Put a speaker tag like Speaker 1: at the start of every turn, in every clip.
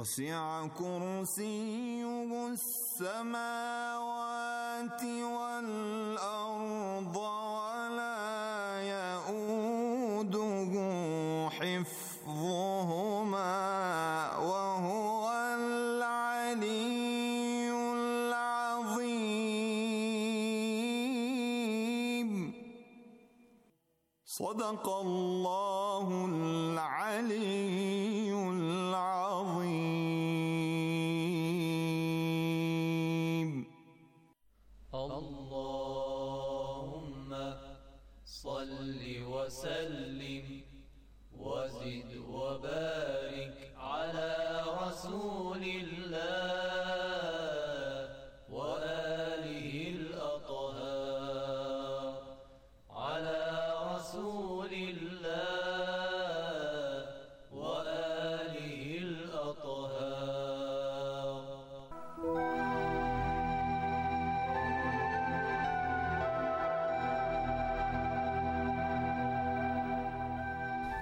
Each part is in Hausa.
Speaker 1: وسع كرسيه السماوات والأرض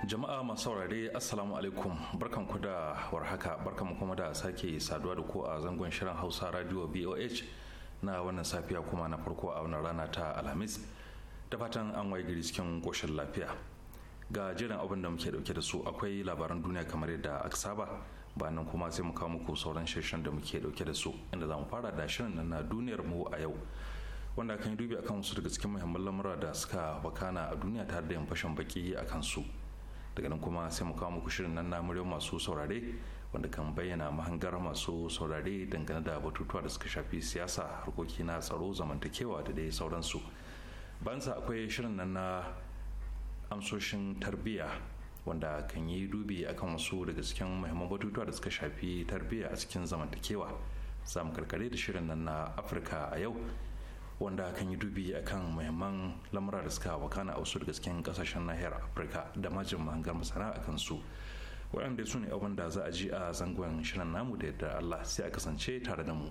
Speaker 2: jama'a masu saurare assalamu alaikum barkan ku da warhaka barkan mu kuma da sake saduwa da ku a zangon shirin hausa radio boh na wannan safiya kuma na farko a wannan rana ta alhamis da fatan an waye gari cikin koshin lafiya ga jiran abin da muke dauke da su akwai labaran duniya kamar yadda aka saba bayan kuma sai mu kawo muku sauran shirin da muke dauke da su inda za mu fara da shirin nan na duniyar mu a yau wanda kan yi dubi akan wasu daga cikin muhimman lamura da suka wakana a duniya tare da yin fashin baki akan su daga nan kuma sai mu kawo muku shirin nan na muryar masu saurare wanda kan bayyana mahangar masu saurare dangane da batutuwa da suka shafi siyasa harkoki na tsaro zamantakewa da dai sauransu bansa akwai shirin nan na amsoshin tarbiyya wanda kan yi dubi akan wasu daga cikin muhimman batutuwa da suka shafi tarbiyya a cikin zamantakewa mu karkare da shirin nan na afirka a yau wanda kan yi dubi a kan muhimman lamura da suka wakana a wasu daga cikin kasashen nahiyar afirka da majin mahangar masana a kansu waɗanda su ne abin da za a ji a zangon shirin namu da yadda allah sai a kasance tare da mu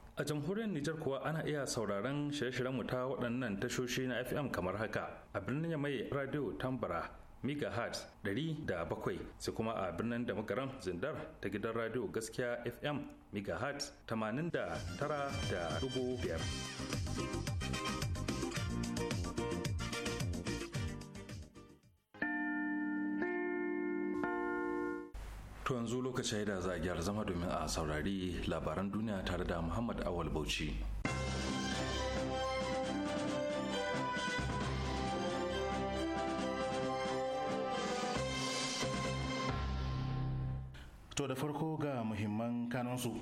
Speaker 2: A jamhuriyar Nijar kuwa ana iya sauraron shirye-shiryen mu waɗannan tashoshi na FM kamar haka a birnin mai radio Tambara megahertz 107 sai kuma a birnin da magaran zindar ta gidan radio gaskiya FM megahertz 89.5 To yanzu lokacin da za a gyara zama domin a saurari labaran duniya tare da Muhammad Awal Bauchi.
Speaker 3: To da farko ga muhimman kanansu.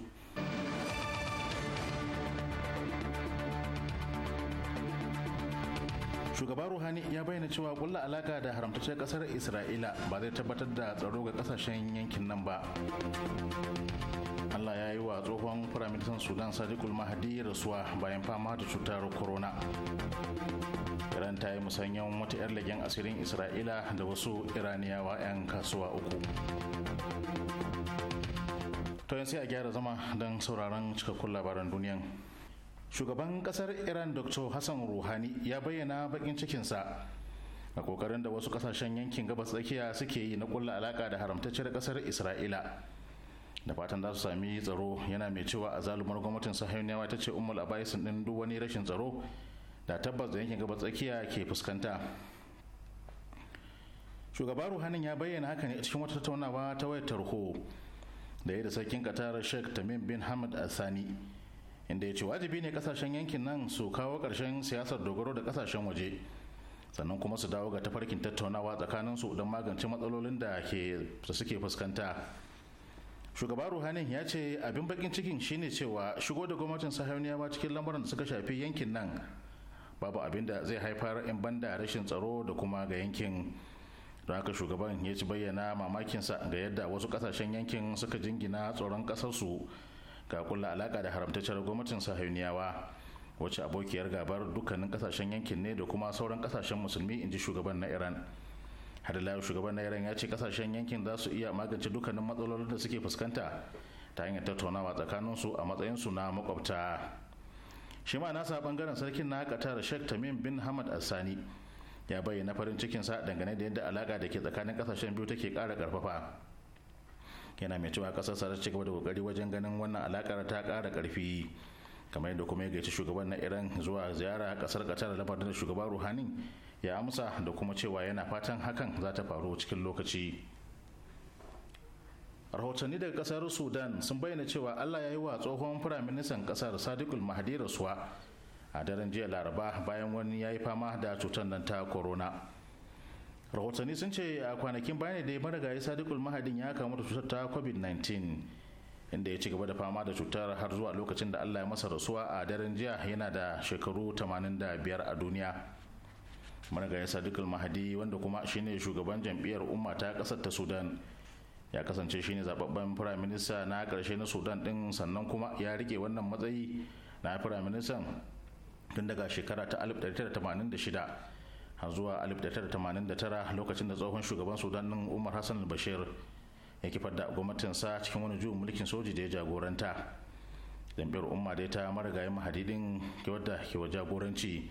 Speaker 3: shugaban ruhani ya bayyana cewa kulla alaka da haramtaccen kasar isra'ila ba zai tabbatar da tsaro ga kasashen yankin nan ba allah ya yi wa tsohon firaministan sudan sadiqul mahadi rasuwa bayan fama da cutar corona iran ta yi musanyen wata 'yar lagen asirin isra'ila da wasu iraniyawa 'yan kasuwa uku to yanzu a gyara zama don sauraron cikakkun labaran duniyan shugaban kasar iran dr hassan ruhani ya bayyana bakin cikinsa a kokarin da wasu kasashen yankin gabas tsakiya suke yi na kulla alaka da haramtacciyar kasar isra'ila da fatan za su sami tsaro yana mai cewa a zalumar gwamnatin sahiyoniyawa ta ce umar abaisin din duk wani rashin tsaro da tabbas da yankin gabas tsakiya ke fuskanta shugaba ruhanin ya bayyana haka ne cikin wata tattaunawa ta wayar tarho da ya da sarkin qatar sheikh tamim bin hamad al-thani inda ya ce wajibi ne kasashen yankin nan su kawo karshen siyasar dogaro da kasashen waje sannan kuma su dawo ga tafarkin tattaunawa tsakanin su don magance matsalolin da ke suke fuskanta shugaba ruhanin ya ce abin bakin cikin shine cewa shigo da gwamnatin sahiyoniyawa cikin lamuran da suka shafi yankin nan babu abin da zai haifar in banda rashin tsaro da kuma ga yankin don haka shugaban ya ci bayyana mamakinsa ga yadda wasu kasashen yankin suka jingina tsoron kasarsu ga kulla alaka da haramtacciyar gwamnatin sahiyuniyawa wacce abokiyar gabar dukkanin kasashen yankin ne da kuma sauran kasashen musulmi in ji shugaban na iran har shugaban na iran ya ce kasashen yankin za su iya magance dukkanin matsalolin da suke fuskanta ta hanyar tattaunawa tsakanin su a matsayinsu na makwabta shi ma nasa bangaren sarkin na da shek tamim bin hamad asani ya bayyana farin cikinsa dangane da yadda alaka da ke tsakanin kasashen biyu take kara karfafa yana mai cewa kasar sa ci cigaba da kokari wajen ganin wannan alakar ta kara karfi kamar yadda kuma ya gaici shugaban na iran zuwa ziyara kasar qatar lamarin da shugaban ruhani ya amsa da kuma cewa yana fatan hakan za ta faru cikin lokaci rahotanni daga kasar sudan sun bayyana cewa allah ya yi wa tsohon firaministan kasar sadiqul mahdi rasuwa a daren jiya laraba bayan wani ya yi fama da cutar nan ta corona rahotanni sun ce a kwanakin bayan da marigayi sadiqul mahadin ya kamu da cutar ta covid-19 inda ya ci gaba da fama da cutar har zuwa lokacin da allah ya masa rasuwa a daren jiya yana da shekaru 85 a duniya marigayi sadiqul mahadi wanda kuma shine shugaban jam'iyyar umma ta kasar ta sudan ya kasance shine zababben firaminista na karshe na sudan din sannan kuma ya rike wannan matsayi na firaministan tun daga shekara ta 1986 har zuwa 1989 lokacin da tsohon shugaban sudan din umar hassan bashir ya kifar da gwamnatinsa cikin wani juyin mulkin soji da ya jagoranta jam'iyyar umma dai ta marigayi mahadidin ke wadda ke wa jagoranci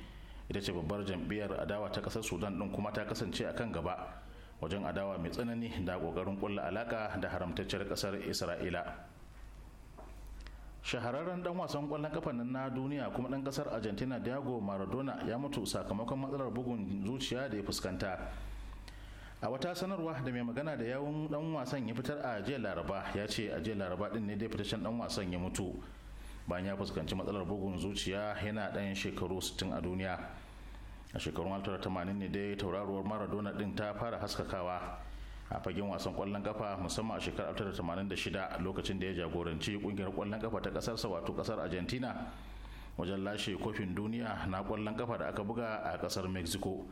Speaker 3: ita ce babbar jam'iyyar adawa ta kasar sudan din kuma ta kasance a kan gaba wajen adawa mai tsanani da kokarin kulla alaka da haramtacciyar kasar isra'ila shahararren dan wasan kwallon kafa na duniya kuma dan kasar argentina diego maradona ya mutu sakamakon matsalar bugun zuciya da ya fuskanta a wata sanarwa da mai magana da yawun dan wasan ya fitar a jiya laraba ya ce a jiya laraba din ne dai fitaccen dan wasan ya mutu bayan ya fuskanci matsalar bugun zuciya yana dan shekaru 60 a duniya a shekarun 1980 ne dai tauraruwar maradona din ta fara haskakawa a fagen wasan kwallon kafa musamman a shekarar 1986 lokacin da ya jagoranci kungiyar kwallon kafa ta kasarsa wato kasar argentina wajen lashe kofin duniya na kwallon kafa da aka buga a kasar mexico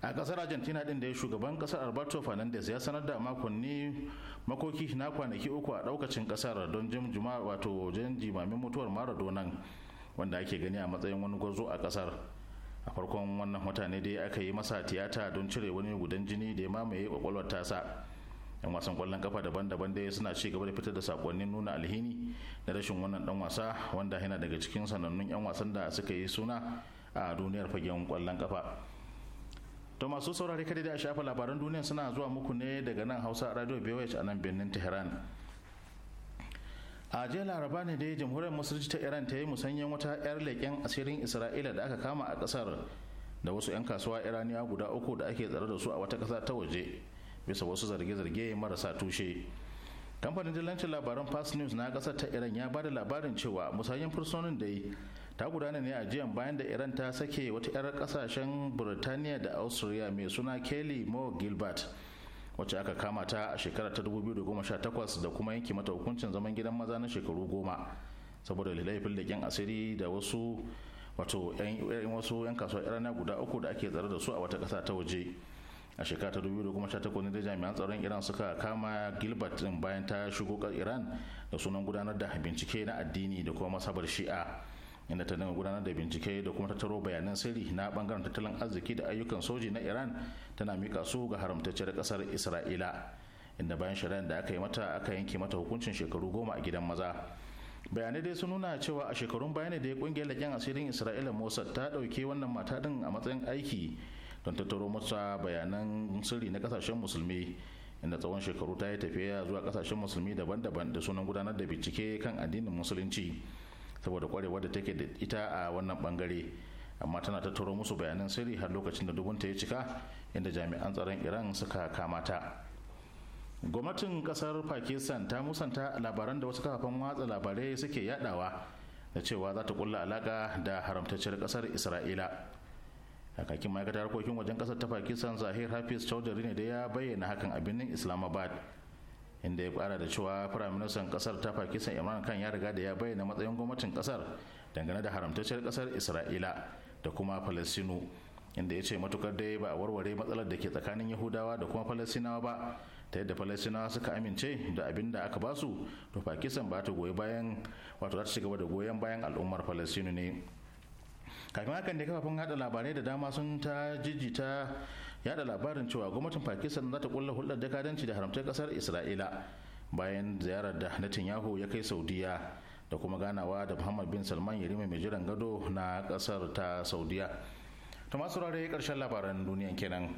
Speaker 3: a kasar argentina din da ya shugaban kasar alberto fernandez ya sanar da makonni makoki na kwanaki uku a daukacin kasar don jim wato jan jimamin mutuwar maradonan wanda ake gani a matsayin wani gwarzo a kasar a farkon wannan mutane dai aka yi masa tiyata don cire wani gudan jini da ya mamaye kwakwalwar tasa yan wasan kwallon kafa daban-daban dai suna ci gaba da fitar da sakonnin nuna alhini na rashin wannan dan wasa wanda yana daga cikin sanannun yan wasan da suka yi suna a duniyar fagen kwallon kafa to masu saurari kada da shafa labaran duniya suna zuwa muku ne daga nan hausa radio bewage a nan birnin tehran a jiya laraba ne dai jamhuriyar musulunci ta iran ta yi musanyen wata 'yar leƙen asirin isra'ila da aka kama a ƙasar da wasu 'yan kasuwa iraniya guda uku da ake tsare da su a wata ƙasa ta waje bisa wasu zarge-zarge marasa tushe kamfanin dillancin labaran fast news na ƙasar ta iran ya ba da labarin cewa musayen fursunin da ta gudana ne a jiyan bayan da iran ta sake wata 'yar kasashen burtaniya da austria mai suna kelly mo gilbert wacce aka kama ta a shekarar ta 2018 da kuma yanki mata hukuncin zaman gidan maza na shekaru goma saboda laifin leƙen asiri da wasu wato wasu yan kasuwa irana guda uku da ake tsare da su a wata kasa ta waje a shekara ta 2018 ne da jami'an tsaron iran suka kama gilbert din bayan ta shigo iran da sunan gudanar da bincike na addini da kuma masabar shi'a inda ta dinga gudanar da bincike da kuma tattaro bayanan sirri na bangaren tattalin arziki da ayyukan soji na iran tana mika su ga haramtacciyar kasar isra'ila inda bayan shari'ar da aka yi mata aka yanke mata hukuncin shekaru goma a gidan maza bayanai dai sun nuna cewa a shekarun baya da ya kungiyar leƙen asirin isra'ila mossad ta ɗauke wannan mata din a matsayin aiki don tattaro mata bayanan sirri na kasashen musulmi inda tsawon shekaru ta yi tafiya zuwa kasashen musulmi daban-daban da sunan gudanar da bincike kan addinin musulunci saboda kwarewar da take da ita a wannan bangare amma tana ta turo musu bayanan sirri har lokacin da dubunta ya cika inda jami'an tsaron iran suka kamata gwamnatin kasar pakistan ta musanta labaran da wasu kafafen watsa labarai suke yadawa da cewa za ta kulla alaka da haramtacciyar kasar isra'ila kakakin ma'aikatar harkokin wajen kasar ta pakistan zahir hafiz chaudhary ne da ya bayyana hakan a birnin islamabad inda ya kara da cewa firaministan kasar ta pakistan imran kan ya riga da ya bayyana matsayin gwamnatin kasar dangane da haramtacciyar kasar isra'ila da kuma falasinu inda ya ce matukar dai ba a warware matsalar da ke tsakanin yahudawa da kuma falasinawa ba ta yadda falasinawa suka amince da abin da aka basu to pakistan ba ta goyi bayan wato za ta ci gaba da goyon bayan al'ummar falasinu ne kafin hakan da kafafen hada labarai da dama sun ta jijita ya da labarin cewa gwamnatin pakistan za ta kulla hulɗar dakadanci da haramtar kasar isra'ila bayan ziyarar da netanyahu ya kai saudiya da kuma ganawa da muhammad bin salman yarima mai jiran gado na kasar ta saudiya ta masu rare karshen labaran duniyan kenan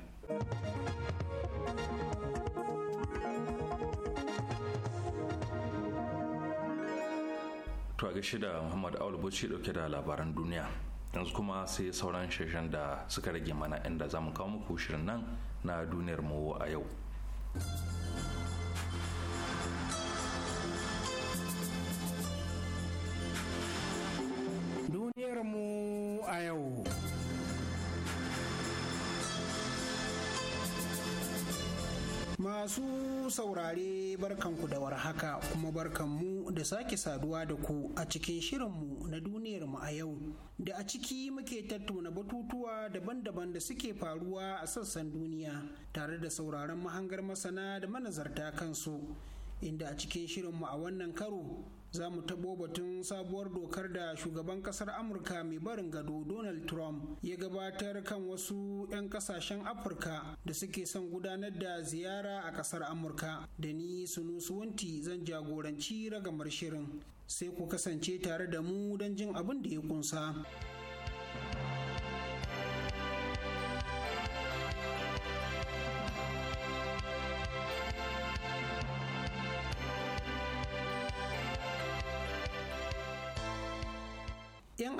Speaker 2: to a gashi da muhammad awul bauchi dauke da labaran duniya yanzu kuma sai sauran shirin da suka rage mana inda za mu kawo muku shirin nan na duniyar mu a yau
Speaker 4: duniyar mu a yau
Speaker 5: Masu saurare barkanku da warhaka kuma barkanmu da sake saduwa da ku a cikin shirinmu na duniyarmu a yau. Da a ciki muke tattauna batutuwa daban-daban da suke faruwa a sassan duniya tare da sauraron mahangar masana da manazarta kansu. inda a cikin shirinmu a wannan karo za mu taɓo batun sabuwar dokar da shugaban ƙasar amurka mai barin gado donald trump ya gabatar kan wasu 'yan ƙasashen afirka da suke son gudanar da ziyara a ƙasar amurka da ni sunusu wunti zan jagoranci ragamar shirin sai ku kasance tare da mu don jin abin da ya kunsa.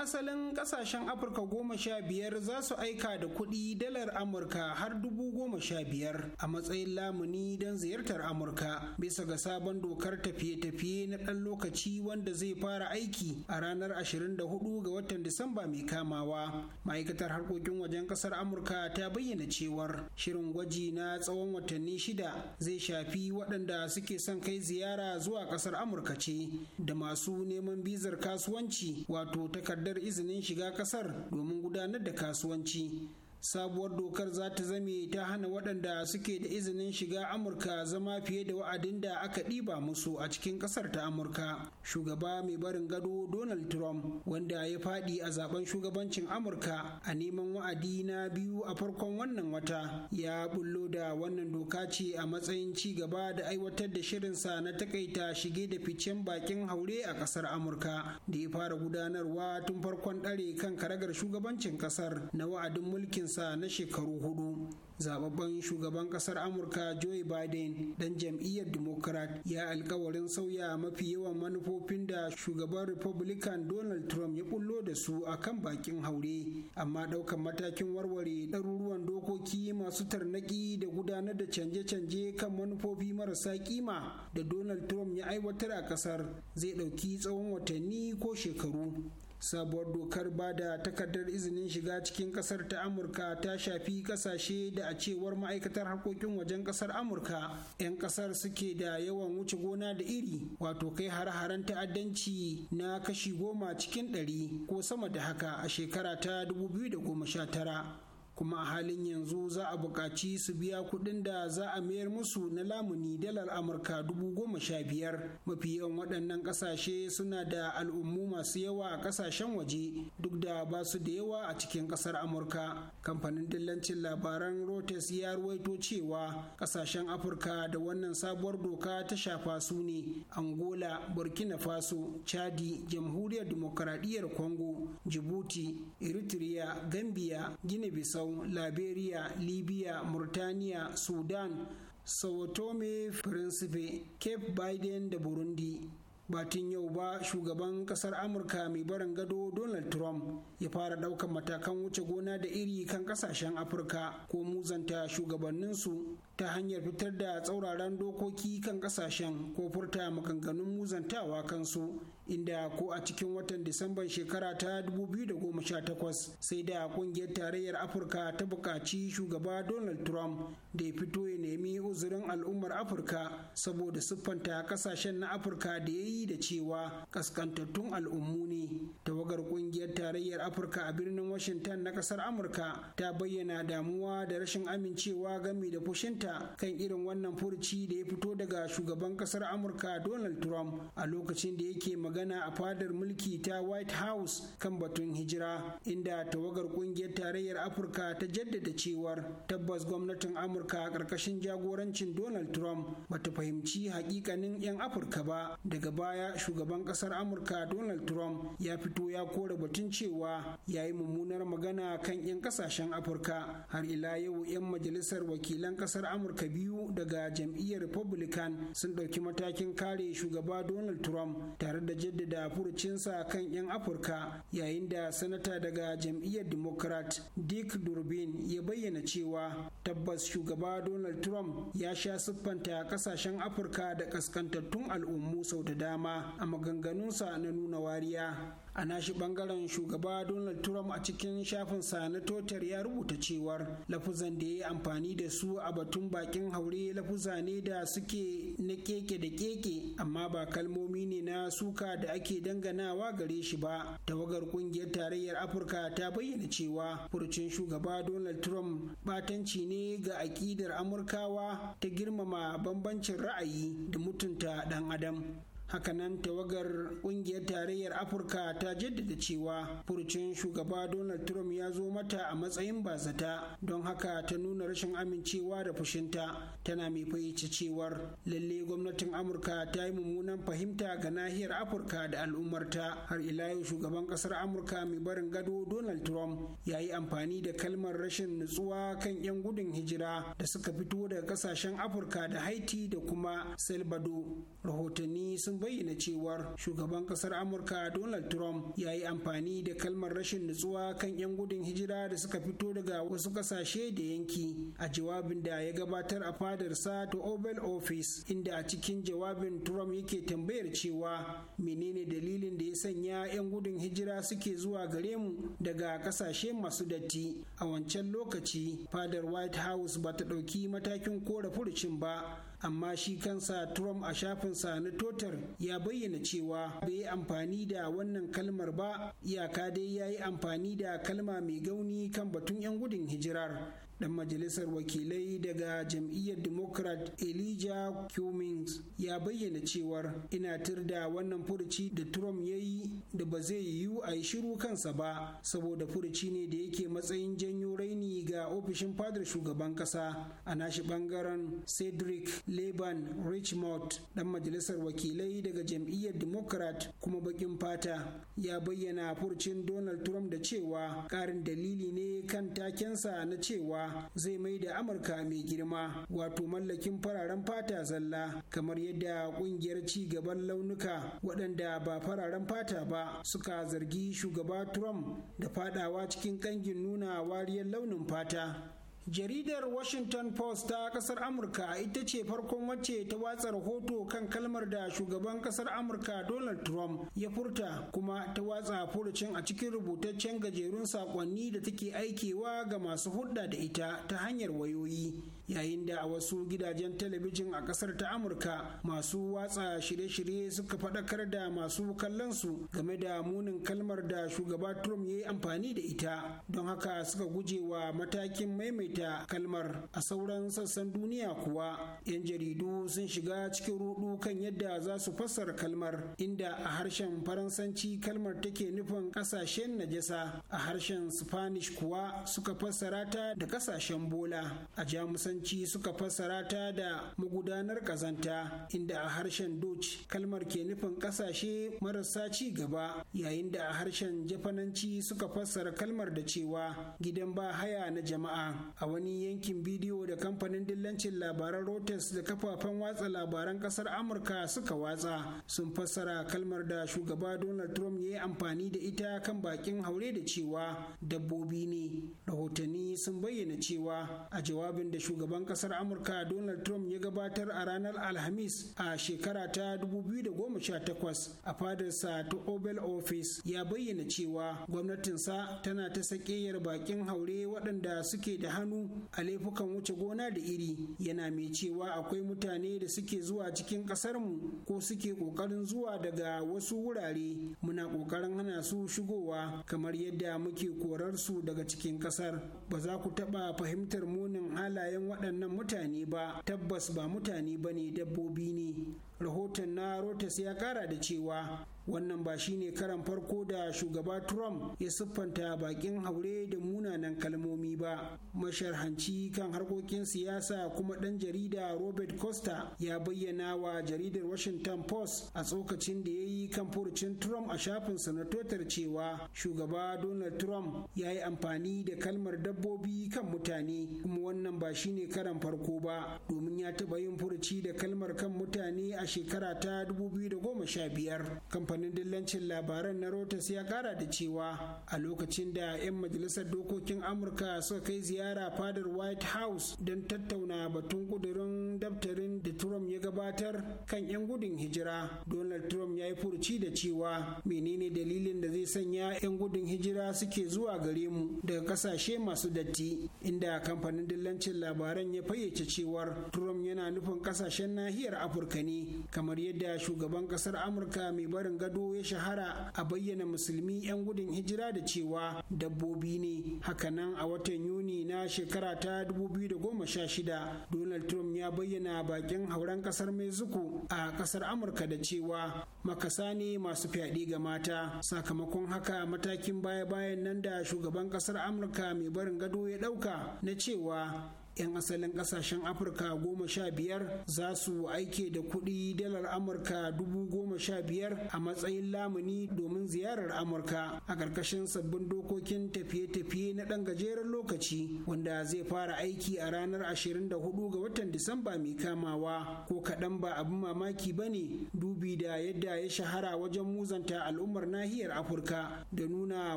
Speaker 5: asalin kasashen afirka goma sha biyar za su aika da kuɗi dalar amurka har dubu goma sha biyar a matsayin lamuni don ziyartar amurka bisa ga sabon dokar tafiye-tafiye na ɗan lokaci wanda zai fara aiki a ranar 24 ga watan disamba mai kamawa ma'aikatar harkokin wajen ƙasar amurka ta bayyana cewar shirin gwaji na tsawon watanni shida zai shafi waɗanda suke son kai ziyara zuwa ƙasar amurka ce da masu neman bizar kasuwanci wato takardar takardar izinin shiga kasar domin gudanar da kasuwanci sabuwar dokar za ta zame ta hana waɗanda suke da izinin shiga amurka zama fiye da wa'adin da aka ɗiba musu a cikin ƙasar ta amurka shugaba mai barin gado donald trump wanda ya faɗi a zaben shugabancin amurka a neman wa'adi na biyu a farkon wannan wata ya bullo da wannan doka ce a matsayin ci gaba da aiwatar da shirinsa na takaita shige da ficen bakin haure a ƙasar amurka da ya fara gudanarwa tun farkon ɗare kan karagar shugabancin ƙasar na wa'adin mulkin sa na shekaru hudu zababben shugaban kasar amurka joe biden dan jam'iyyar democrat ya alkawarin sauya mafi yawan manufofin da shugaban republican donald trump ya bullo da su a kan bakin haure amma daukan matakin warware ɗaruruwan dokoki masu tarnaki da gudanar da canje-canje kan manufofi marasa kima da donald trump ya aiwatar a kasar zai ɗauki tsawon watanni ko shekaru sabuwar dokar ba da takardar izinin shiga cikin kasar ta amurka ta shafi kasashe da a cewar ma'aikatar harkokin wajen kasar amurka 'yan kasar suke da yawan wuce gona da iri wato kai har haren ta'addanci na kashi goma cikin ɗari ko sama da haka a shekara ta 2019 kuma a halin yanzu za a buƙaci su biya kuɗin da za a mayar musu na lamuni dalar amurka dubu goma sha biyar mafi yawan waɗannan ƙasashe suna da al'ummu masu yawa a ƙasashen waje duk da ba su da yawa a cikin ƙasar amurka kamfanin dillancin labaran rotes ya ruwaito cewa ƙasashen afirka da wannan sabuwar doka ta shafa su ne angola burkina faso chadi jamhuriyar dimokuraɗiyyar congo jibuti eritrea gambia guinea bissau Falasɗinawa, Liberia, Libya, Murtaniya, Sudan, Sao Tome Principe, Cape Biden da Burundi. batun yau ba shugaban kasar amurka mai barin gado donald trump ya fara daukan matakan wuce gona da iri kan kasashen afirka ko muzanta shugabanninsu ta hanyar fitar da tsauraran dokoki kan kasashen ko furta maganganun muzantawa kansu inda ko a cikin watan disamban shekara ta 2018 sai da kungiyar tarayyar afirka ta buƙaci shugaba donald trump da ya fito ya nemi uzurin al'ummar afirka saboda siffanta kasashen na afirka da ya yi da cewa kaskantattun al'ummu ne tawagar kungiyar tarayyar afirka a birnin washington na ƙasar amurka ta bayyana damuwa da rashin amincewa game da fushinta ta kan irin wannan furuci da ya fito daga shugaban kasar amurka donald trump a lokacin da yake magana a fadar mulki ta white house kan batun hijira inda tawagar kungiyar tarayyar afirka ta jaddada cewar tabbas gwamnatin amurka a ƙarƙashin jagorancin donald trump bata fahimci hakikanin 'yan afirka ba daga baya shugaban kasar amurka donald trump ya fito ya kore batun cewa ya yi mummunar magana kan 'yan kasashen afirka har ila yau 'yan majalisar wakilan kasar amurka amurka biyu daga jam'iyyar republican sun ɗauki matakin kare shugaba donald trump tare da jaddada furucinsa kan 'yan afirka yayin da sanata daga jam'iyyar democrat dick durbin ya bayyana cewa tabbas shugaba donald trump ya sha siffanta kasashen afirka da kaskantattun al'ummu sau da dama a maganganunsa na nuna wariya a nashi bangaren shugaba donald trump a cikin shafin sa na totar ya rubuta cewar lafuzan da ya amfani da su a batun bakin haure lafuza ne da suke na keke da keke amma ba kalmomi ne na suka da ake danganawa gare shi ba tawagar kungiyar tarayyar afirka ta bayyana cewa furucin shugaba donald trump batanci ne ga akidar amurkawa ta girmama bambancin ra'ayi da mutunta dan adam hakanan tawagar kungiyar tarayyar afirka ta jaddada cewa furucin shugaba donald trump ya zo mata a matsayin bazata don haka ta nuna rashin amincewa da fushinta tana mai fahimci cewar lalle gwamnatin amurka ta yi mummunan fahimta ga nahiyar afirka da al'ummarta har ila yau shugaban kasar amurka mai barin gado donald trump ya yi amfani da kalmar rashin nutsuwa kan 'yan gudun hijira da suka fito daga kasashen afirka da haiti da kuma salvador rahotanni sun bayyana cewar shugaban kasar amurka donald trump ya yi amfani da kalmar rashin nutsuwa kan 'yan gudun hijira da suka fito daga wasu kasashe da yanki a jawabin da ya gabatar a fadarsa ta oval office inda a cikin jawabin trump yake tambayar cewa menene dalilin da ya sanya 'yan gudun hijira suke zuwa gare mu daga kasashe masu datti a wancan lokaci fadar white house ba ta ɗauki matakin kora furucin ba amma shi kansa Trump a shafinsa na totar ya bayyana cewa bai yi amfani da wannan kalmar ba iyaka dai ya yi amfani da kalma mai gauni kan batun 'yan gudun hijirar dan majalisar wakilai daga jam'iyyar democrat elijah cummings ya bayyana cewar ina da wannan furuci da trump ya yi da ba zai yiwu a yi shiru kansa ba saboda furuci ne da yake matsayin janyo raini ga ofishin fadar shugaban kasa a nashi bangaren cedric leban richmond dan majalisar wakilai daga jam'iyyar democrat kuma bakin fata ya bayyana furucin donald trump da cewa ƙarin dalili ne kan takensa na cewa zai mai da amurka mai girma wato mallakin fararen fata zalla kamar yadda kungiyar ci gaban launuka waɗanda ba fararen fata ba suka zargi shugaba trump da fadawa cikin kangin nuna wariyar launin fata jaridar washington post ta kasar amurka ita ce farkon wacce ta watsa rahoto kan kalmar da shugaban kasar amurka donald trump ya furta kuma ta watsa furucin a cikin rubutaccen gajerun saƙonni da take aikewa ga masu hulɗa da ita ta hanyar wayoyi yayin da a wasu gidajen talabijin a kasar ta amurka masu watsa shirye-shirye suka faɗakar da masu kallon su game da munin kalmar da shugaba trump ya yi amfani da ita don haka suka guje wa matakin maimaita kalmar a sauran sassan duniya kuwa 'yan jaridu sun shiga cikin rudu kan yadda za su fassara kalmar inda a harshen faransanci kalmar take nufin kasashen najasa a harshen spanish kuwa suka fassara ta da kasashen bola a jamusan faransanci suka fassara ta da magudanar kazanta inda a harshen Dutch kalmar ke nufin kasashe marasa ci gaba yayin da a harshen Jafananci suka fassara kalmar da cewa gidan ba haya na jama'a a wani yankin bidiyo da kamfanin dillancin labaran Reuters da kafafen watsa labaran kasar Amurka suka watsa sun fassara kalmar da shugaba Donald Trump ya yi amfani da ita kan bakin haure da cewa dabbobi ne rahotanni sun bayyana cewa a jawabin da shugaba shugaban kasar amurka donald trump ya gabatar a ranar alhamis a shekara ta 2018 a fadarsa ta obel office ya bayyana cewa gwamnatinsa tana ta sakeyar bakin haure waɗanda suke da hannu a laifukan wuce gona da iri yana mai cewa akwai mutane da suke zuwa cikin ƙasarmu ko suke ƙoƙarin zuwa daga wasu wurare muna ƙoƙarin hana su shigowa kamar yadda muke korar su daga cikin ƙasar ba za ku taɓa fahimtar munin halayen waɗannan mutane ba tabbas ba mutane ba ne dabbobi ne rahoton na rotas ya kara da cewa wannan ba shi ne karan farko da shugaba trump ya siffanta bakin haure da munanan kalmomi ba masharhanci kan harkokin siyasa kuma dan jarida robert costa ya bayyana wa jaridar washington post a tsokacin da ya yi kan furucin trump a shafinsa na totar cewa shugaba donald trump ya yi amfani da kalmar dabbobi kan mutane kuma wannan ba shi ne karan farko ba domin ya taɓa yin furuci da kalmar kan mutane a shekara ta 2015 kamfanin dillancin labaran na Reuters ya kara da cewa a lokacin da 'yan majalisar dokokin Amurka suka kai ziyara fadar White House don tattauna batun kudirin daftarin da Trump ya gabatar kan 'yan gudun hijira. Donald Trump ya yi furuci da cewa menene dalilin da zai sanya 'yan gudun hijira suke zuwa gare mu daga kasashe masu datti inda kamfanin dillancin labaran ya fayyace cewar Trump yana nufin kasashen nahiyar Afirka ne kamar yadda shugaban ƙasar Amurka mai barin gado ya shahara a bayyana musulmi 'yan gudun hijira da cewa dabbobi ne hakanan a watan yuni na shekara ta 2016 donald trump ya bayyana bakin hauren kasar mexico a kasar amurka da cewa makasa ne masu fyaɗe ga mata sakamakon haka matakin baya-bayan nan da shugaban kasar amurka mai barin gado ya ɗauka na cewa 'yan asalin kasashen afirka goma sha biyar za su aike da kuɗi dalar amurka dubu goma sha biyar a matsayin lamuni domin ziyarar amurka a ƙarƙashin sabbin dokokin tafiye-tafiye na ɗan gajeren lokaci wanda zai fara aiki a ranar 24 ga watan disamba mai kamawa ko kaɗan ba abin mamaki ba ne dubi da yadda ya shahara wajen muzanta al'ummar nahiyar afirka da nuna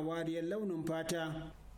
Speaker 5: wariyar launin fata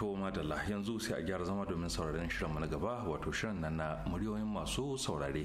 Speaker 2: to madalla yanzu sai a gyara zama domin sauraron shirin na gaba wato shirin nan na muryoyin masu saurare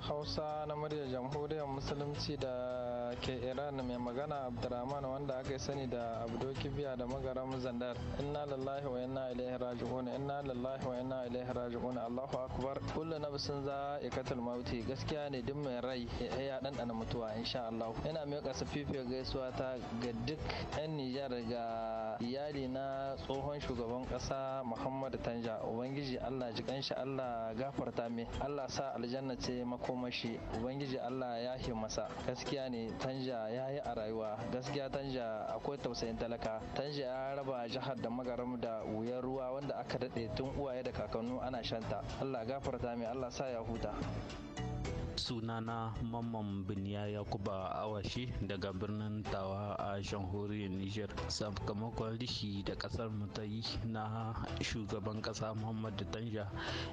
Speaker 6: hausa na murya jamhuriyar musulunci da ke iran mai magana abdurrahman wanda aka sani da abdo kibiya da magaram zandar inna lillahi wa inna ilaihi raji'un inna lillahi wa inna ilaihi raji'un allahu akbar kullu nafsin za'ikatul mauti gaskiya ne duk mai rai ya ɗanɗana mutuwa insha Allah ina mai kasa fifiya gaisuwa ta ga duk 'yan Nijar ga iyali na tsohon shugaban kasa Muhammadu Tanja ubangiji Allah ji kanshi Allah gafarta me Allah sa aljanna ce makomashi ubangiji Allah ya hi masa gaskiya ne tanja ya yi a rayuwa gaskiya tanja akwai tausayin talaka tanja ya raba jihar da magaram da wuyar ruwa wanda aka daɗe tun uwaye da kakannu ana shanta allah gafarta mai allah sa ya huta
Speaker 7: sunana mamman biniya yakuba awashi daga birnin tawa a jamhuriyar niger sakamakon rishi da kasar mu yi na shugaban kasa muhammadu tanja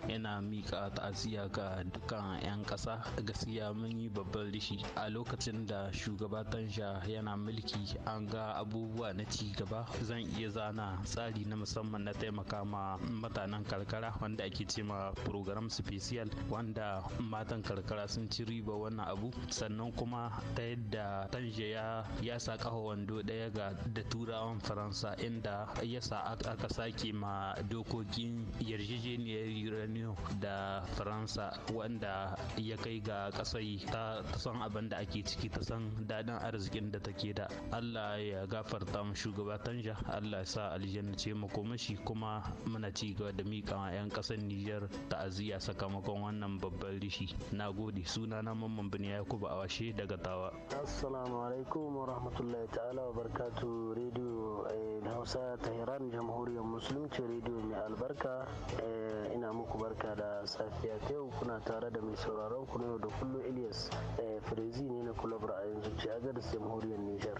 Speaker 7: yana mika ta'aziyya ga dukkan 'yan kasa gaskiya mun yi babban rishi a lokacin da shugaba tanja yana mulki an ga abubuwa na ci gaba zan iya zana tsari na musamman na taimaka ma mutanen karkara wanda ake cema ma program special wanda matan karkara sun ci riba wannan abu sannan kuma ta yadda tanje ya ya sa kafa wando daya ga da turawan faransa inda ya sa aka sake ma dokokin yarjejeniyar uranio da faransa wanda ya kai ga kasai ta san abin da ake ciki ta san daɗin arzikin da take da allah ya gafarta mu shugaba tanja allah ya sa aljanna ce makomashi kuma muna ci gaba da miƙa 'yan ƙasar niger ta'aziyya sakamakon wannan babban rishi na gode suna na mamman bini yakubu washe daga tawa
Speaker 8: assalamu alaikum wa rahmatullahi ta'ala wa barkatu radio eh, hausa tehran jamhuriyar musulunci rediyo mai albarka eh, ina muku barka da safiya ta yau kuna tare da mai sauraron ku yau da kullum ilyas eh, firezi ne na kulabar a yanzu ce a jamhuriyar nijar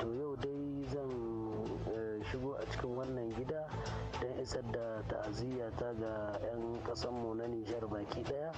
Speaker 8: to yau dai zan shigo a cikin wannan gida don isar da ta'aziyya ta ga 'yan mu na nijar baki ɗaya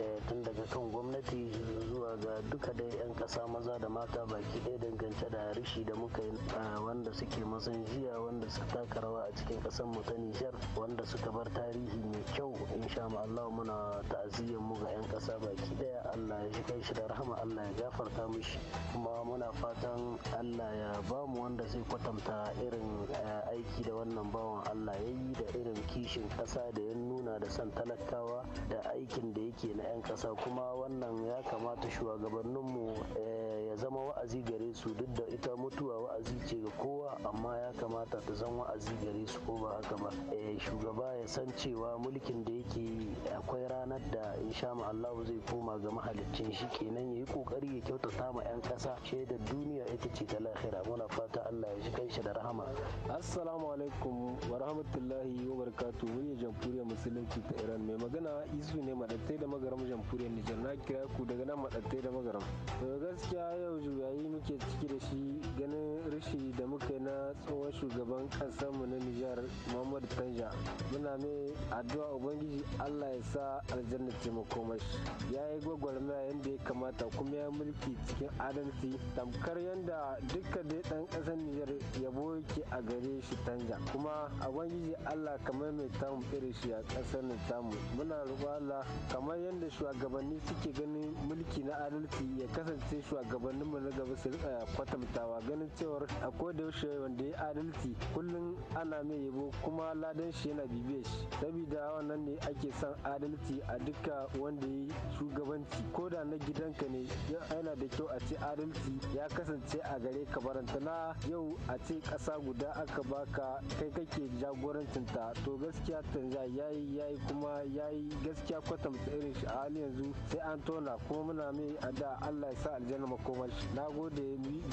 Speaker 8: eh, tun daga kan gwamnati zuwa ga duka dai 'yan ƙasa maza da mata baki ɗaya dangance da rishi da muka yi eh, wanda suke masan jiya wanda suka taka rawa a cikin mu ta nijar wanda suka bar tarihi mai kyau insha Allah muna ta'aziyyar mu ga 'yan ƙasa baki ɗaya Allah ya shiga shi da rahama Allah ya gafarta mishi kuma muna fatan Allah ya bamu wanda zai kwatanta irin eh, aiki da wannan bawan Allah yayi da irin kishin kasa da ya nuna da son talakawa da aikin da yake na 'yan kasa kuma wannan ya kamata shugabanninmu eh, ya zama wa'azi gare su duk da ita mutuwa wa'azi ce ga kowa amma ya kamata ta zan wa'azi gare su ko ba haka ba eh, shugaba ya san cewa mulkin da yake akwai ranar da in sha insha Allah zai koma ga mahaliccin shi kenan yayi kokari ya kyautata ma 'yan ƙasa shaidar duniya ita ce ta lahira muna fata Allah ya shi kai shi da rahama
Speaker 9: assalamu alaikum wa rahmatullahi wa barakatu muryar jamhuriyar musulunci ta iran mai magana isu ne madattai da magaram jamhuriyar nijar na kira ku daga nan madattai da magaram to gaskiya yau juyayi muke ciki da shi ganin rishi da muka yi na tsohon shugaban kasar mu na nijar muhammadu tanja muna mai addu'a ubangiji allah ya sa aljanna ce makomashi ya yi gwagwarmaya yadda ya kamata kuma ya mulki cikin adalci tamkar yadda duka dai dan kasar nijar yabo yake a gare shi tanja kuma a ubangiji allah kamar mai tamu fere shi a ƙasar nan tamu muna roƙon allah kamar yadda shugabanni suke ganin mulki na adalci ya kasance shugabannin mu na gaba su rika kwatantawa ganin cewa a koda yaushe wanda ya adalci kullum ana mai yabo kuma ladan shi yana bibiye shi saboda wannan ne ake son adalci a duka wanda ya shugabanci koda na gidan ka ne yana da kyau a ce adalci ya kasance a gare ka barantana yau a ce kasa guda aka baka kai kake ja jagorancin ta to gaskiya tanja yayi yayi kuma yayi gaskiya kwatanta irin shi a hali yanzu sai an tona kuma muna mai ada Allah ya sa aljanna makomar shi nagode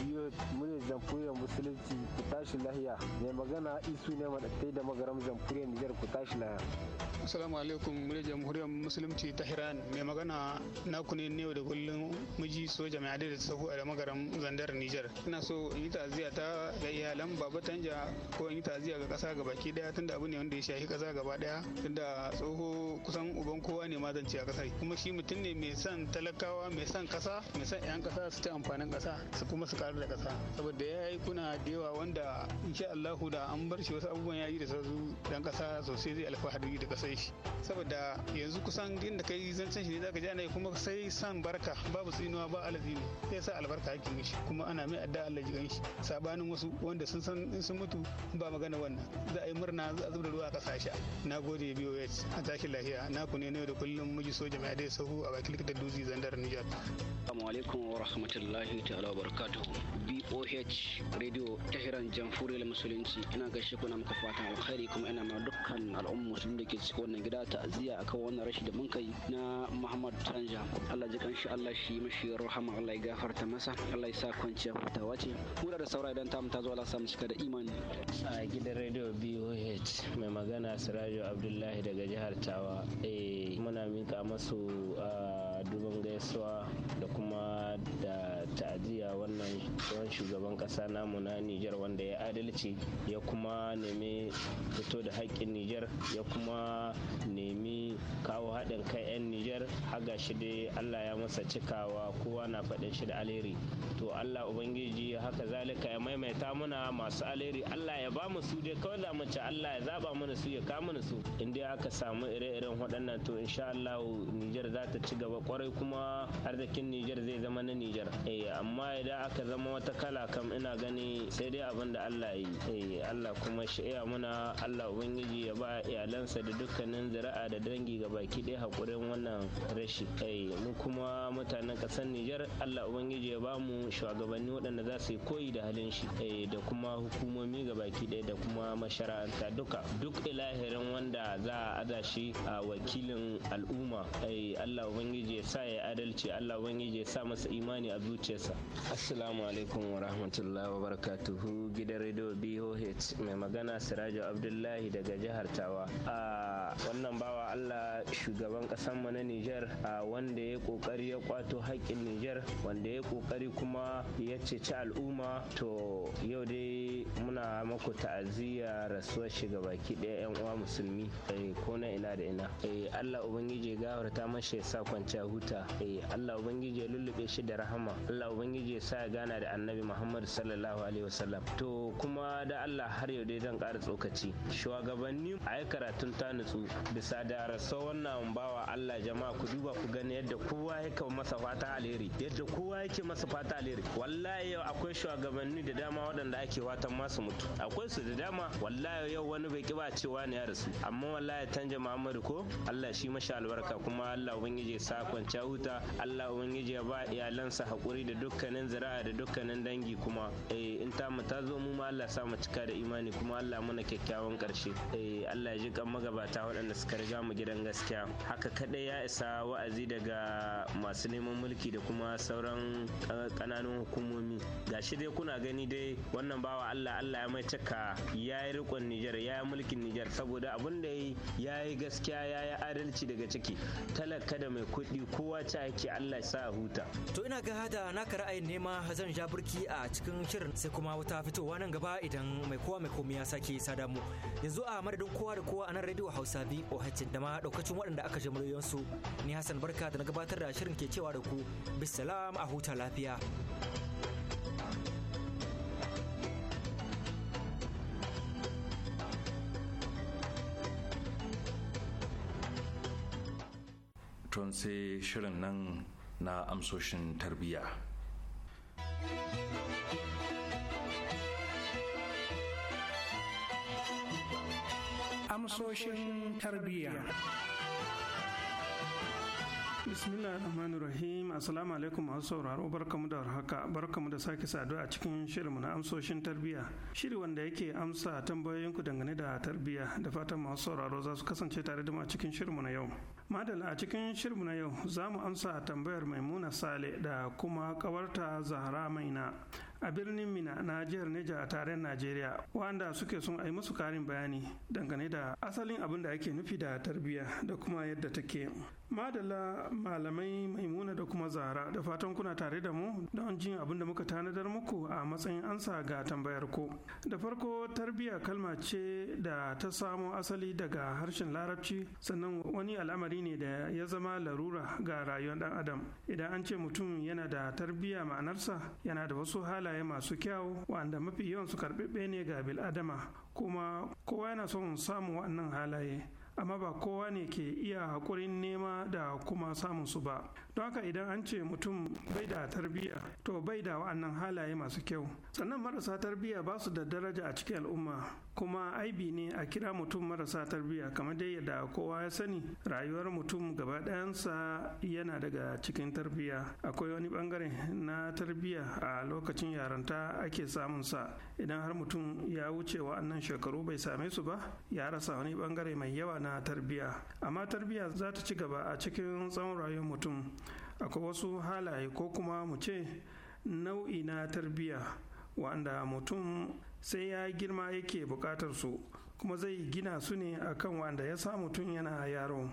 Speaker 9: biyo mune ne jamhuriyar musulunci ku tashi lahiya mai magana isu ne madaddai da magaram jamhuriyar Nijar ku tashi lahiya
Speaker 10: Assalamu alaikum mune jamhuriyar musulunci ta Iran mai magana ku ne ne da kullum miji soja mai da sahu a da magaram zandar Nijar ina so in yi ta'aziyya ta ga iyalan Baba Tanja ko in yi ta'aziyya ga kasa ga baki baki daya tunda abu ne wanda ya shafi kasa gaba daya tunda tsoho kusan uban kowa ne ma ce a kasar kuma shi mutum ne mai son talakawa mai son kasa mai son yan kasa su ci amfanin kasa su kuma su karar da kasa saboda ya yi kuna da yawa wanda insha Allahu da an bar shi wasu abubuwan yayi da sauransu dan kasa sosai zai alfahari da kasar shi saboda yanzu kusan inda kai zancen shi ne zaka ji ana kuma sai san barka babu tsinuwa ba alazi ne sai sa albarka hakin mishi kuma ana mai adda Allah ji shi sabanin wasu wanda sun san in sun mutu ba magana wannan za a yi murna zubar ruwa a kasashe na gode bos a tashi lahiya na ku ne yau da kullum miji soja mai adai sahu a bakin likitan
Speaker 11: duzi zandar niger assalamu alaikum wa rahmatullahi ta'ala wa barakatuhu boh radio tehran jamhuriyar musulunci ina gaishe kuna muka fatan alkhairi kuma ina ma dukkan al'umma musulun da ke cikin wannan gida ta ta'aziyya akan wannan rashi da mun kai na muhammad tanja allah ji kanshi allah shi mashi rahama allah ya gafarta masa allah ya sa kwanciya hutawa ce mu da saura idan ta mu ta zo
Speaker 12: ala sa mu cika da imani
Speaker 11: a gidan radio boh oh mai magana Sirajo Abdullahi daga jihar Tawa. Eh muna mika masu a ah, dubin gaisuwa da kuma da ta'aziyya wannan tsohon shugaban kasa namu na Nijar wanda ya adalci ya kuma nemi fito da haƙƙin Nijar ya kuma nemi kawo haɗin kai 'yan Nijar haga shi dai Allah ya masa cikawa kowa na faɗin shi da alheri to Allah Ubangiji haka zalika ya maimaita muna masu alheri Allah ya ba mu su dai kawai za mu ci Allah ya zaba mana su ya kama mana su in dai aka samu ire-iren waɗannan to insha Allah Nijar za ta ci gaba kwarai kuma arzikin Nijar zai zama na Nijar. Eh, amma idan aka zama wata kala kam ina gani sai dai abin da Allah yi. Eh, Allah kuma shi'a muna Allah ubangiji ya ba iyalansa da dukkanin zira'a da dangi ga baki ɗaya haƙurin wannan rashi. Eh, mu kuma mutanen ƙasar Nijar Allah ubangiji ya ba mu shugabanni waɗanda za su yi koyi da halin shi. da kuma hukumomi ga baki ɗaya da kuma mashara'anta duka duk ilahirin wanda za a ada shi a wakilin al'umma ai Allah ubangiji ya sa ya adalci Allah ubangiji ya sa masa imani a zuciyarsa assalamu alaikum wa rahmatullahi wa barakatuhu gidan radio BOH mai magana Sirajo Abdullahi daga jihar Tawa a wannan bawa Allah shugaban ƙasar mu na Niger a wanda ya kokari ya kwato haƙƙin Niger wanda ya kokari kuma ya ceci al'umma to yau dai muna muku ta'aziyya rasuwar shiga baki ɗaya 'yan uwa musulmi Eh, ko na ina da ina eh, Allah ubangiji gafarta mashi ya sa kwanciya huta eh, Allah ubangiji lullube shi da rahama Allah ubangiji ya sa ya gana da annabi Muhammad sallallahu alaihi wasallam to kuma da Allah har yau dai zan ƙara tsokaci shugabanni a yi karatun ta nutsu bisa da rasa wannan bawa Allah jama'a ku duba ku gani yadda kowa yake masa fata alheri yadda kowa yake masa fata alheri wallahi yau akwai shugabanni da dama waɗanda ake watan masu mutu akwai su da dama wallahi yau wani bai kiba cewa ne ya rasu amma allah ya canja muhammadu ko allah shi masha albarka kuma allah ubangiji sa kwanciya huta allah ubangiji ya ba iyalansa hakuri da dukkanin zira'a da dukkanin dangi kuma eh in ta mu ta zo mu ma allah sa mu cika da imani kuma allah muna kyakkyawan karshe eh allah ya ji kan magabata waɗanda suka riga mu gidan gaskiya haka kadai ya isa wa'azi daga masu neman mulki da kuma sauran kananan eh, hukumomi gashi dai kuna gani dai wannan bawa allah allah ya mai cika ya yi nijar ya yi mulkin nijar saboda abin da ya yayi ya yi gaskiya ya yi adalci daga ciki talaka da mai kuɗi kowa ta yake allah sa huta
Speaker 12: to ina ga hada na ka ra'ayin nema zan ja burki a cikin shirin sai kuma wata fitowa nan gaba idan mai kowa mai komai ya sake sada mu yanzu a madadin kowa da kowa a nan radio hausa bi voh da ma daukacin waɗanda aka ji su ni hassan barka da na gabatar da shirin ke cewa da ku bisalam a huta lafiya
Speaker 2: tun sai shirin nan na amsoshin tarbiyya
Speaker 4: amsoshin tarbiyya bismillah rahman rahim assalamu alaikum masu sauraro barkamu da haka barkamu da sake saduwa a cikin shirinmu na amsoshin tarbiyya shiri wanda yake amsa tambayoyinku dangane da tarbiyya da fatan masu sauraro za su kasance tare da mu a cikin shirinmu na yau madal a cikin shirmu na yau za mu amsa tambayar maimuna sale da kuma kawarta zahra maina a birnin mina na jihar neja a tarayyar najeriya wanda suke sun yi musu karin bayani dangane da asalin abin da ake nufi da tarbiyya da kuma yadda take madala malamai maimuna da kuma zara da fatan kuna tare da mu don jin abin da muka tanadar muku a matsayin ansa ga tambayar ku da farko tarbiyya kalma ce da ta samo asali daga harshen larabci sannan wani al'amari ne da ya zama larura ga rayuwar dan adam idan an ce mutum yana da tarbiyya ma'anarsa yana da wasu halaye masu kyau wanda mafi yawan su karɓi ne ga bil'adama kuma kowa yana son samun waɗannan halaye amma ba kowa ne ke iya haƙurin nema da kuma samun su ba don haka idan an ce mutum bai da tarbiyya to bai da wa'annan halaye masu kyau sannan marasa tarbiyya ba su da daraja a cikin al'umma kuma aibi ne a kira mutum marasa tarbiyya kamar dai yadda kowa ya sani rayuwar mutum gaba ɗayansa yana daga cikin tarbiyya akwai wani bangare na tarbiyya a lokacin yaranta ake samun sa idan har mutum ya wuce wa'annan shekaru bai same su ba ya rasa wani bangare mai yawa na tarbiyya amma tarbiyya za ta ci gaba a cikin tsawon rayuwar mutum akwai wasu halaye ko kuma mu ce nau'i na tarbiyya wanda mutum sai ya girma yake buƙatar su kuma zai gina su ne akan wanda ya sa mutum yana yaro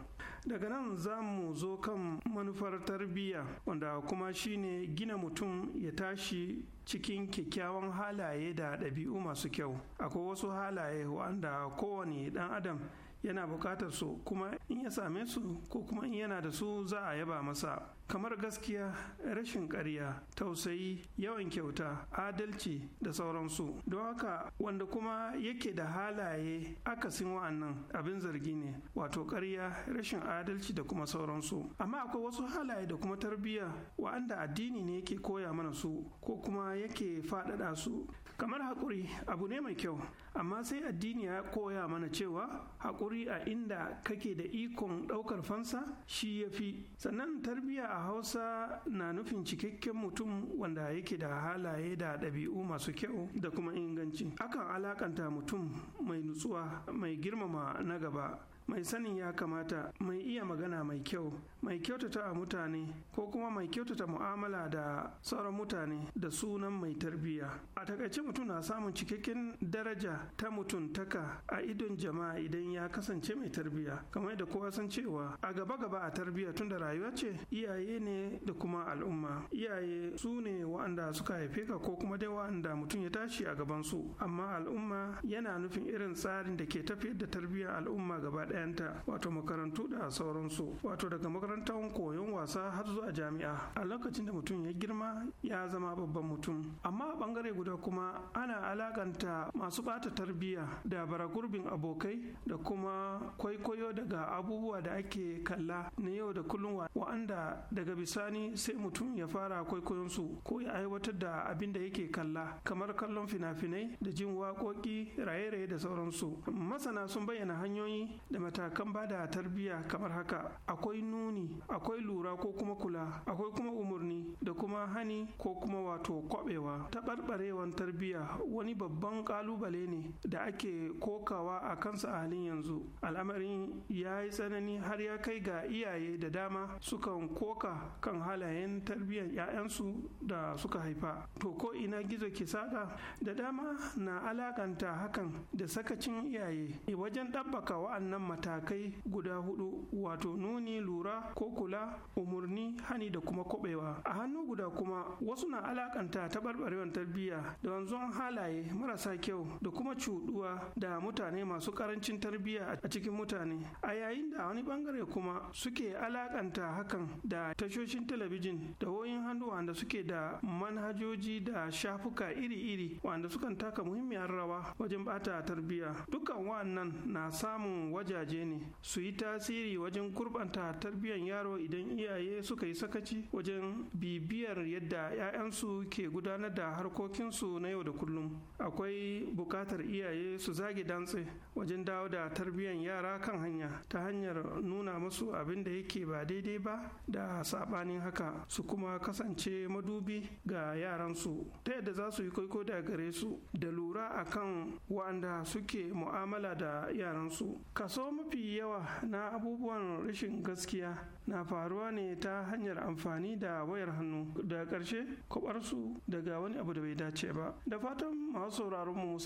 Speaker 4: daga nan za mu zo kan manufar tarbiyya wanda kuma shine gina mutum ya tashi cikin kyakkyawan halaye da ɗabi'u masu kyau akwai wasu halaye wanda kowane ɗan adam yana buƙatar su kuma in ya same su ko kuma in yana da su za a yaba masa kamar gaskiya rashin ƙarya tausayi yawan kyauta adalci da sauransu don haka wanda kuma yake da halaye akasin wa'annan abin zargi ne wato ƙarya rashin adalci da kuma sauransu amma akwai wasu halaye da kuma tarbiyya wa'anda addini ne yake koya mana su ko kuma yake faɗaɗa su kamar haƙuri abu ne mai kyau amma sai addini ya koya mana cewa haƙuri a inda kake da ikon ɗaukar fansa shi ya fi sannan tarbiyya a hausa na nufin cikakken mutum wanda yake da halaye da ɗabi'u masu kyau da kuma inganci akan alakanta mutum mai nutsuwa mai girmama na gaba mai sanin ya kamata mai iya magana mai kyau mai kyautata a mutane ko kuma mai kyautata mu'amala da sauran mutane da sunan mai tarbiyya a takaice mutum na samun cikakken daraja ta mutuntaka a idon jama'a idan ya kasance mai tarbiyya kamar da kowa san cewa a gaba gaba a tarbiyya tunda rayuwa ce iyaye ne da kuma al'umma iyaye su ne wa'anda suka haife ka ko kuma dai wa'anda mutum ya tashi a gaban su amma al'umma yana nufin irin tsarin da ke tafiyar da tarbiyyar al'umma gaba ɗaya ayanta wato makarantu da sauransu wato daga makarantar koyon wasa har zuwa jami'a a lokacin da mutum ya girma ya zama babban mutum amma a bangare guda kuma ana alakanta masu bata tarbiyya da gurbin abokai da kuma kwaikwayo daga abubuwa da ake kalla na yau da kullum wa'anda daga bisani sai mutum ya fara kwaikwayon su ko ya aiwatar da abin da yake kalla kamar kallon fina-finai da jin waƙoƙi raye-raye da sauransu masana sun bayyana hanyoyi da matakan ba da tarbiyya kamar haka akwai nuni akwai lura ko kuma kula akwai kuma umurni da kuma hani ko kuma wato kwabewa taɓarɓarewan tarbiyya wani babban ƙalubale ne da ake kokawa a kansa a halin yanzu al'amarin ya yi tsanani har ya kai ga iyaye da dama sukan koka kan halayen tarbiyyar 'ya'yansu da suka haifa to ko ina gizo ke saka da dama na alakanta hakan da sakacin iyaye wajen ɗabbaka wa'annan matakai guda hudu wato nuni lura ko kula umarni hani da kuma kwabewa a hannu guda kuma wasu na alakanta ta barbarewar tarbiyya da wanzuwan halaye marasa kyau da kuma cuɗuwa da mutane masu ƙarancin tarbiyya a cikin mutane a yayin da wani bangare kuma suke alakanta hakan da tashoshin talabijin da wayoyin hannu wanda suke da manhajoji da shafuka iri-iri wanda sukan taka muhimmiyar rawa wajen bata tarbiyya dukkan wannan na samun waje gidaje ne su yi tasiri wajen kurbanta tarbiyyar yaro idan iyaye suka yi sakaci wajen bibiyar yadda 'ya'yansu ke gudanar da harkokinsu na yau da kullum akwai buƙatar iyaye su zage dantse wajen dawo da tarbiyyar yara kan hanya ta hanyar nuna masu abin da yake ba daidai ba da saɓanin haka su kuma kasance madubi ga yaransu ta yadda za su yi kwaiko da gare su da lura akan waɗanda suke mu'amala da yaransu kaso kaso mafi yawa na abubuwan rashin gaskiya na faruwa ne ta hanyar amfani da wayar hannu da ƙarshe kwabarsu daga wani abu da bai dace ba da fatan masu sauraronmu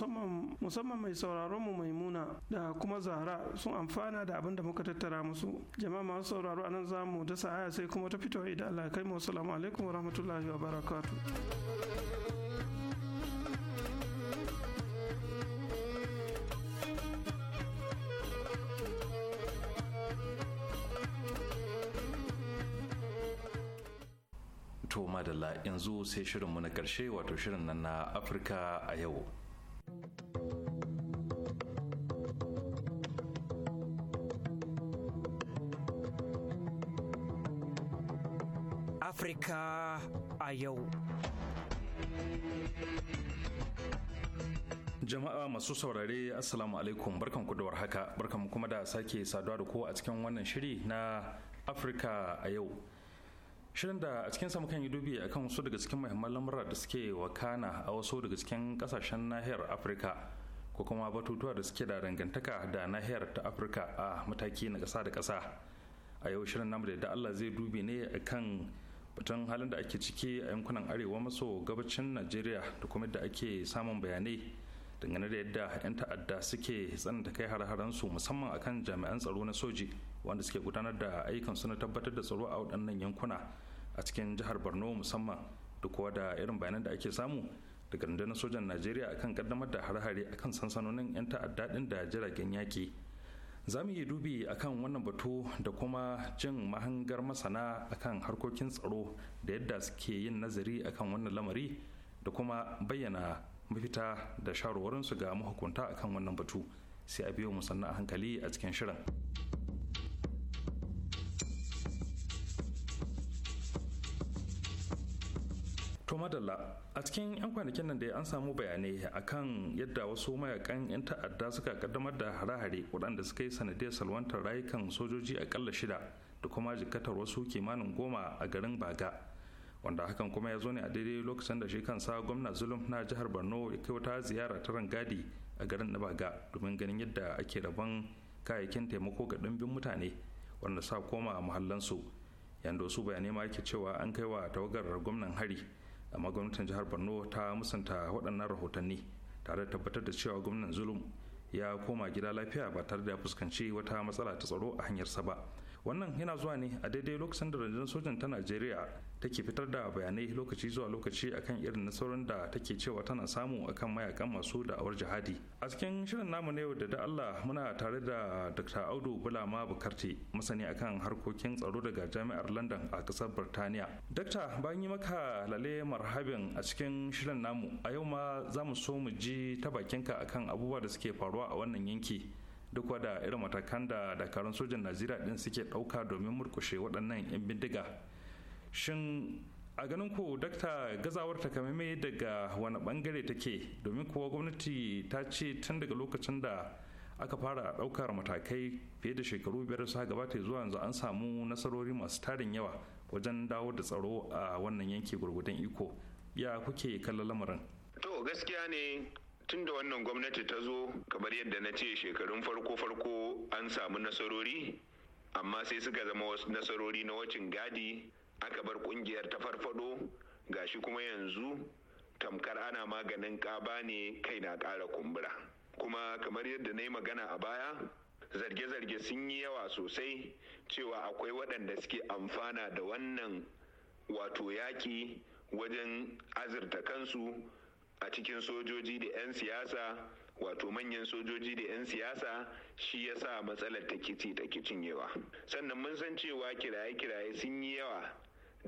Speaker 4: musamman mai sauraronmu maimuna da kuma zara sun amfana da abin da muka tattara musu jama'a masu sauraro anan za mu dasa aya sai kuma ta fito idan allah kai mu assalamu alaikum wa barakatuh
Speaker 2: yanzu sai shirinmu na ƙarshe wato shirin nan na afirka a
Speaker 1: yau
Speaker 12: Afirka a yau.
Speaker 2: Jama'a masu saurare Assalamu alaikum barkan ku da warhaka barkan kuma da sake saduwa da ku a cikin wannan shiri na Afirka a yau. shirin da a cikin samu kan yi dubi a kan wasu daga cikin muhimman lamura da suke wakana a wasu daga cikin kasashen nahiyar afirka ko kuma batutuwa da suke da dangantaka da nahiyar ta afirka a mataki na ƙasa da ƙasa a yau shirin namu da allah zai dubi ne a kan batun halin da ake ciki a yankunan arewa maso gabacin najeriya da kuma da ake samun bayanai dangane da yadda 'yan ta'adda suke tsananta kai har-haransu musamman akan jami'an tsaro na soji wanda suke gudanar da ayyukan su na tabbatar da tsaro a waɗannan yankuna a cikin jihar borno musamman da kuwa da irin bayanan da ake samu daga rundunar sojan najeriya akan kaddamar da hare-hare akan sansanonin 'yan ta'adda ɗin da jiragen yaƙi za mu yi dubi akan wannan batu da kuma jin mahangar masana akan harkokin tsaro da yadda suke yin nazari akan wannan lamari da kuma bayyana mafita da shawarwarinsu ga mahukunta akan wannan batu sai a biyo musanna a hankali a cikin shirin. to madalla a cikin 'yan kwanakin nan da an samu bayanai akan yadda wasu mayakan 'yan ta'adda suka kaddamar da hare-hare waɗanda suka yi sanadiyar salwantar rayukan sojoji akalla shida da kuma jikatar wasu kimanin goma a garin baga wanda hakan kuma ya zo ne a daidai lokacin da shi kansa gwamna zulum na jihar borno ya kai wata ziyara ta rangadi a garin na baga domin ganin yadda ake rabon kayayyakin taimako ga ɗumbin mutane wanda sa koma muhallansu yanda wasu bayanai ma ake cewa an kai wa tawagar gwamnan hari amma gwamnatin jihar borno ta musanta waɗannan rahotanni tare da tabbatar da cewa gwamnan zulum ya koma gida lafiya ba tare da fuskanci wata matsala ta tsaro a hanyarsa ba wannan yana zuwa ne a daidai lokacin da rundunar sojan ta najeriya take fitar da bayanai lokaci zuwa lokaci akan irin nasarorin da take cewa tana samu akan mayakan masu da'awar jihadi a cikin shirin namu na yau da da Allah muna tare da Dr. Audu Bulama Bukarti masani akan harkokin tsaro daga Jami'ar London a kasar Birtaniya Dr. bayan yi maka lale marhabin a cikin shirin namu a yau ma za mu so mu ji ta bakinka akan abubuwa da suke faruwa a wannan yanki duk da irin matakan da dakarun sojan najeriya din suke ɗauka domin murkushe waɗannan 'yan bindiga shin a ganin ku dakta gazawar takamaimai daga wani bangare take domin kuwa gwamnati ta ce tun daga lokacin da aka fara daukar matakai fiye da shekaru biyar su gabata zuwa yanzu an samu nasarori masu tarin yawa wajen dawo da tsaro a wannan yanki gurgudan iko ya kuke kallon lamarin
Speaker 13: to gaskiya ne tun da wannan gwamnati ta zo kamar yadda na ce shekarun farko-farko an samu nasarori amma sai suka zama nasarori na wacin gadi aka bar kungiyar ta farfado gashi kuma yanzu tamkar ana maganin ƙaba ne kai na ƙara kumbura kuma kamar yadda na yi magana a baya zarge-zarge sun yi yawa sosai cewa akwai waɗanda suke amfana da wannan wato yaƙi wajen azurta kansu a cikin sojoji da 'yan siyasa wato manyan sojoji da 'yan siyasa shi ya sa matsalar ta kici ta yawa sannan mun san cewa kiraye-kiraye sun yi yawa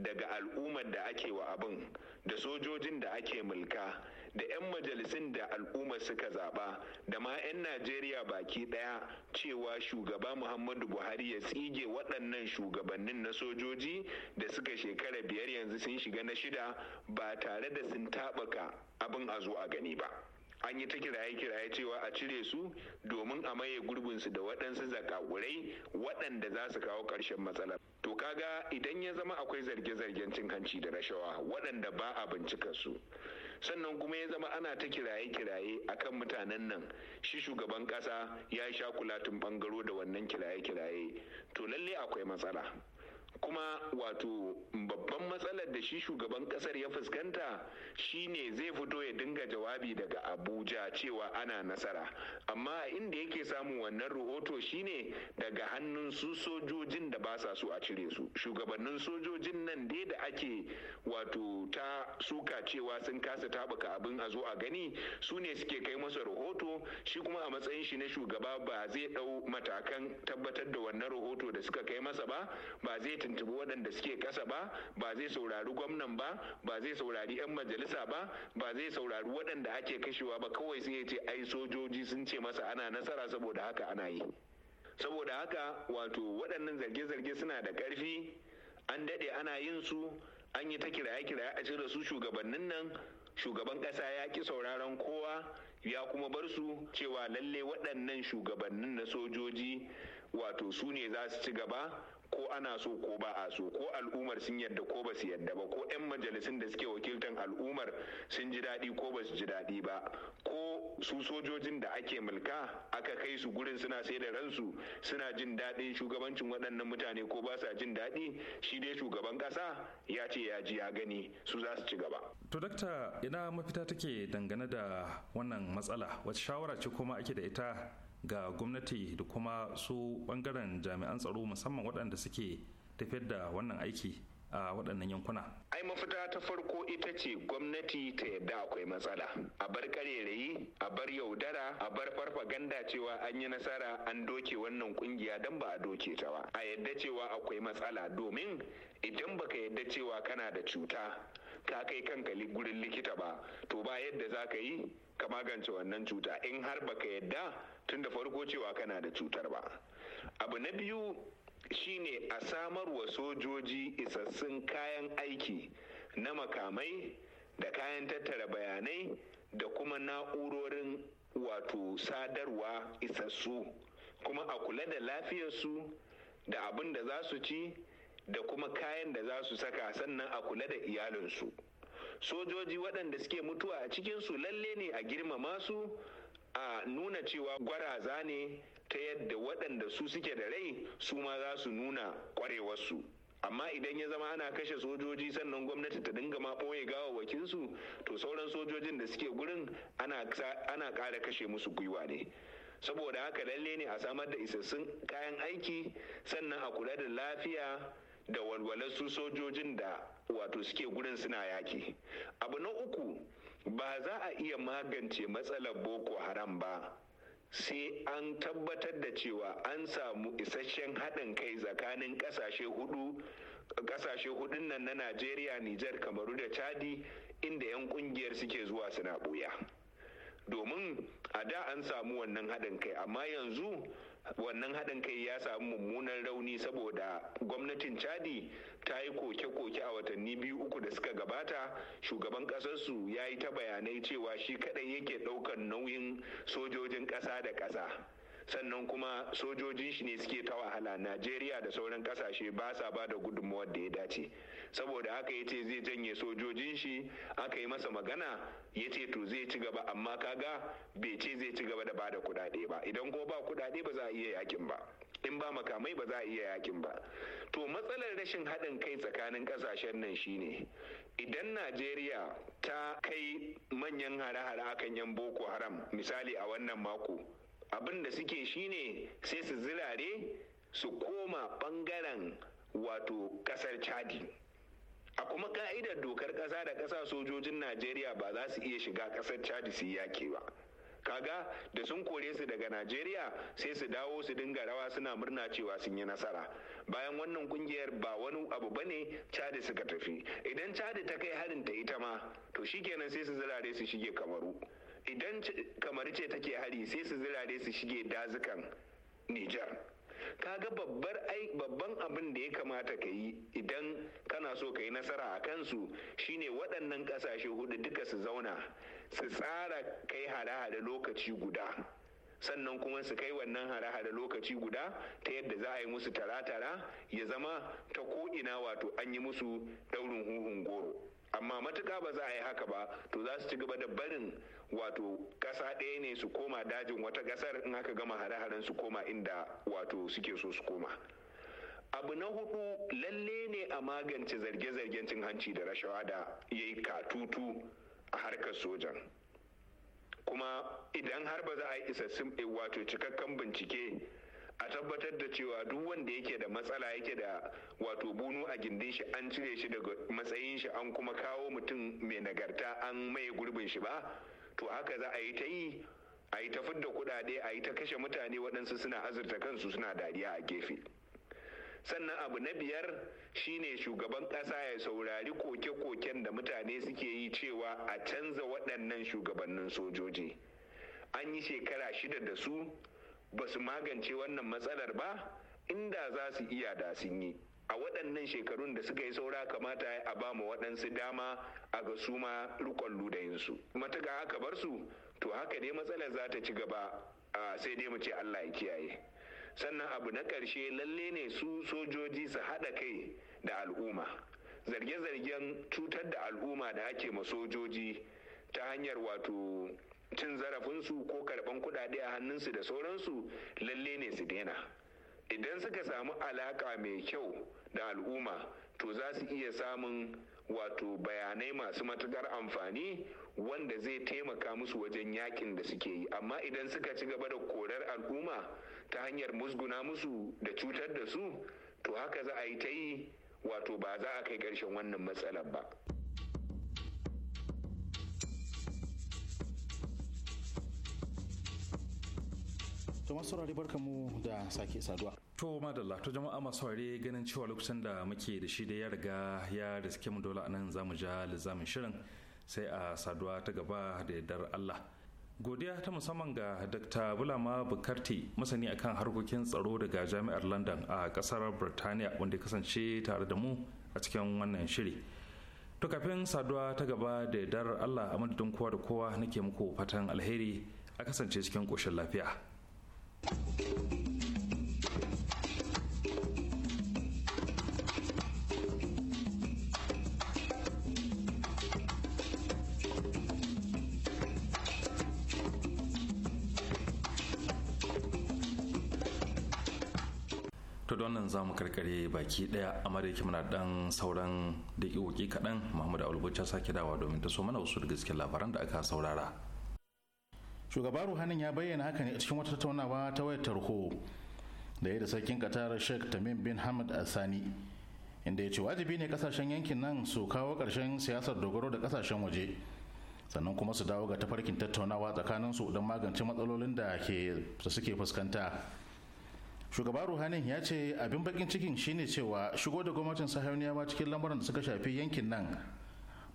Speaker 13: daga al'ummar da ake wa abin da sojojin da ake mulka da 'yan majalisun da al'ummar suka zaba da ma 'yan najeriya baki daya cewa shugaba muhammadu buhari ya tsige waɗannan shugabannin na sojoji da suka shekara biyar yanzu sun shiga na shida ba tare da sun taɓaka abin a zo a gani ba an yi ta kiraye-kiraye cewa a cire su domin a maye gurbinsu da waɗansu zakakurai waɗanda za su kawo ƙarshen matsalar. To kaga idan ya zama akwai zarge-zargen cin hanci da rashawa waɗanda ba a bincika su. Sannan kuma ya zama ana ta kiraye-kiraye akan mutanen nan shi shugaban ƙasa ya sha kulatun ɓangaro da wannan kiraye-kiraye to lalle akwai matsala. kuma wato babban matsalar da shi shugaban kasar ya fuskanta shi ne zai fito ya dinga jawabi daga abuja cewa ana nasara amma inda yake samun wannan rahoto shine daga hannun su sojojin da ba sa so a cire su shugabannin sojojin nan dai da ake wato ta suka cewa sun kasa tabuka abin a zo a gani su ne suke kai masa rahoto shi kuma a matsayin shi na shugaba ba zai dau matakan tabbatar da wannan rahoto da suka kai masa ba ba zai tuntubi waɗanda suke ƙasa ba ba zai saurari gwamnan ba ba zai saurari 'yan majalisa ba ba zai saurari waɗanda ake kashewa ba kawai sai ya ce ai sojoji sun ce masa ana nasara saboda haka ana yi saboda haka wato waɗannan zarge-zarge suna da ƙarfi an daɗe ana yin su an yi ta kiraye-kiraye a cire su shugabannin nan shugaban ƙasa ya ƙi sauraron kowa ya kuma bar su cewa lalle waɗannan shugabannin na sojoji wato su ne za su ci gaba ko ana so ko ba a so ko al'ummar sun yadda ko ba su yadda ba ko 'yan majalisun da suke wakiltan al'ummar sun ji daɗi ko ba su ji daɗi ba ko su sojojin da ake mulka aka kai su gurin suna sai da ransu suna jin daɗin shugabancin waɗannan mutane ko ba sa jin daɗi shi dai shugaban ƙasa ya ce ya ji ya gani su za su ci gaba.
Speaker 2: to dakta ina mafita take dangane da wannan matsala wace shawara ce kuma ake da ita ga gwamnati da kuma su bangaren jami'an tsaro musamman waɗanda suke tafiyar da wannan aiki a waɗannan yankuna.
Speaker 13: Ai mafita ta farko ita ce gwamnati ta yadda akwai matsala. A bar karerayi, a bar yaudara, a bar farfaganda cewa an yi nasara an doke wannan kungiya don ba a doke ta ba. A yadda cewa akwai matsala domin idan baka yadda cewa kana da cuta ka kai kanka gurin likita ba to ba yadda za ka yi ka magance wannan cuta in har baka yadda tun da farko cewa kana da cutar ba abu na biyu shine a samar wa sojoji isassun kayan aiki na makamai da kayan tattara bayanai da kuma na'urorin wato sadarwa isassu kuma a kula da lafiyarsu da abin da za su ci da kuma kayan da za su saka sannan a kula da iyalinsu sojoji waɗanda suke mutuwa a cikinsu lalle ne a girmama su a nuna cewa gwaraza ne ta yadda waɗanda su suke da rai su ma za su nuna ƙwarewarsu amma idan ya zama ana kashe sojoji sannan gwamnati ta dinga ma ɓoye gawawakinsu to sauran sojojin da suke gurin ana ƙara kashe musu gwiwa ne saboda haka lalle ne a samar da isassun kayan aiki sannan a kula da lafiya da walwalar su sojojin da wato suke gurin suna yaki abu na uku ba za a iya magance matsalar boko haram ba sai an tabbatar da cewa an samu isasshen haɗin kai tsakanin ƙasashe hudu ƙasashe hudun nan na najeriya nijar kamaru da chadi inda 'yan ƙungiyar suke zuwa suna ɓuya domin a da an samu wannan haɗin kai amma yanzu wannan haɗin kai ya samu mummunan rauni saboda gwamnatin chadi ta yi koke-koke a watanni biyu uku da suka gabata shugaban ƙasarsu ya yi ta bayanai cewa shi kaɗai yake ɗaukar nauyin sojojin ƙasa da ƙasa sannan kuma sojojin shi ne suke ta wahala najeriya da sauran kasashe ba sa ba da gudunmawar da ya dace saboda haka ya ce zai janye sojojin shi aka yi masa magana ya ce to zai ci gaba amma kaga bai ce zai ci gaba da bada kudade ba idan ko ba kudade ba za a iya yakin ba in ba makamai ba za a iya yakin ba to matsalar rashin haɗin kai tsakanin ƙasashen nan shine idan najeriya ta kai manyan hare-hare akan yan boko haram misali a wannan mako abin da suke shine sai su zirare su koma ɓangaren wato ƙasar chadi a kuma ka'idar dokar ƙasa da ƙasa sojojin najeriya ba za su iya shiga ƙasar chad su yaki ba kaga da sun kore su daga najeriya sai su dawo su dinga rawa suna murna cewa sun yi nasara bayan wannan kungiyar ba wani abu ba ne chad suka tafi idan chad ta kai harin ta ita ma to shikenan sai su zirare su shige kamaru idan kamar ce take hari sai su zirare su shige dazukan nijar kaga babbar ai babban abin da ya kamata ka yi idan kana so ka yi nasara a kansu shine waɗannan ƙasashe hudu duka su zauna su tsara kai hare-hare lokaci guda sannan kuma su kai wannan hare-hare lokaci guda ta yadda za a yi musu tara-tara ya zama ta ko'ina wato an yi musu ɗaurin huhun goro amma matuka ba za a yi haka ba to za su ci gaba da barin wato ƙasa ɗaya ne su koma dajin wata ƙasar in aka gama hare-haren su koma inda wato suke so su koma abu na hudu lalle ne a magance zarge-zargen cin hanci da rashawa da ya yi katutu a harkar sojan kuma idan har ba za a yi isassun eh, wato cikakken bincike a tabbatar da cewa duk wanda yake da matsala yake da wato bunu a gindin shi an cire shi daga matsayin shi an kuma kawo mutum mai nagarta an maye gurbin shi ba to haka za a yi ta yi a yi ta fidda kudade a yi ta kashe mutane waɗansu suna azurta kansu suna dariya a gefe sannan abu na biyar shine shugaban ƙasa ya saurari koke-koken da mutane suke yi cewa a canza waɗannan shugabannin sojoji an yi shekara shida da su ba su magance wannan matsalar ba inda za su iya da sun yi a waɗannan shekarun da suka yi saura kamata a ba mu waɗansu dama a ga su ma rikon ludayinsu matuka aka bar su to haka dai matsalar za ta ci gaba sai dai mu ce allah ya kiyaye sannan abu na ƙarshe lalle ne su sojoji su haɗa kai da al'umma zarge-zargen cutar da al'umma da ake ma sojoji ta hanyar wato cin zarafinsu ko karban kuɗaɗe a hannunsu da sauransu lalle ne su daina idan suka samu alaƙa mai kyau da al'umma to za su iya samun wato bayanai masu matukar amfani wanda zai taimaka musu wajen yakin da suke yi amma idan suka ci gaba da korar al'umma ta hanyar musguna musu da cutar da su to haka za a yi ta yi wato ba za a kai ƙarshen wannan matsalar ba.
Speaker 2: kamar saurari barka mu da sake saduwa. To madalla to jama'a masu saurari ganin cewa lokacin da muke da shi da ya riga ya riske mu dole anan zamu ja lizamin shirin sai a saduwa ta gaba da yardar Allah. Godiya ta musamman ga Dr. Bulama Bukarti masani akan harkokin tsaro daga Jami'ar London a kasar Birtaniya wanda kasance tare da mu a cikin wannan shiri. To kafin saduwa ta gaba da yardar Allah a madadin kowa da kowa nake muku fatan alheri a kasance cikin koshin lafiya. wannan za mu karkare baki daya amma da yake muna dan sauran da daƙiƙoƙi kaɗan mahmud albucha sake dawa domin ta so mana wasu da gaske labaran da aka saurara
Speaker 3: shugaba ruhanin ya bayyana haka ne a cikin wata tattaunawa ta wayar tarho da ya da sarkin katar sheikh tamim bin hamad asani inda ya ce wajibi ne kasashen yankin nan su kawo karshen siyasar dogaro da kasashen waje sannan kuma su dawo ga tafarkin tattaunawa tsakanin su don magance matsalolin da suke fuskanta shugaba ruhanin ya ce abin bakin cikin shine cewa shigo da gwamnatin sahiyoniyawa cikin lamuran da suka shafi yankin nan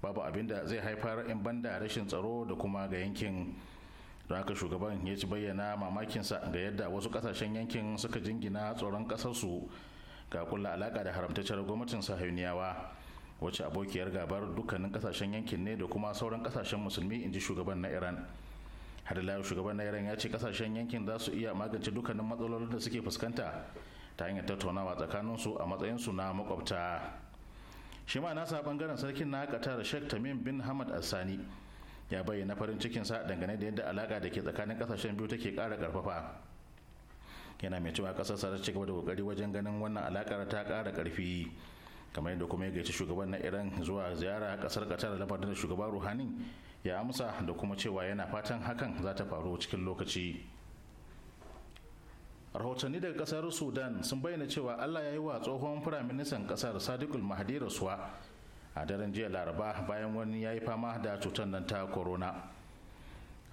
Speaker 3: babu abin da zai haifar in banda rashin tsaro da kuma ga yankin don haka shugaban ya ci bayyana mamakinsa ga yadda wasu kasashen yankin suka jingina tsoron kasarsu ga kulla alaka da haramtaccen gwamnatin sahayuniyawa wacce abokiyar gabar dukkanin kasashen yankin ne da kuma sauran kasashen musulmi in ji shugaban na iran har layu shugaban na iran ya ce kasashen yankin za su iya magance dukkanin matsalolin da suke fuskanta ta hanyar tattaunawa tsakaninsu a matsayinsu na makwabta shi ma nasa bangaren sarkin na qatar sheikh tamim bin hamad sani. ya bayyana farin cikinsa dangane da yadda alaka da ke tsakanin kasashen biyu take kara karfafa yana mai cewa kasar sa ci gaba da kokari wajen ganin wannan alakar ta kara karfi kamar yadda kuma ya gaici shugaban na iran zuwa ziyara kasar qatar lamarin da shugaban ruhani ya amsa da kuma cewa yana fatan hakan za ta faru cikin lokaci rahotanni daga kasar sudan sun bayyana cewa allah ya yi wa tsohon firaministan kasar sadiqul mahdi rasuwa a daren jiya laraba bayan wani ya yi fama da cutar nan ta corona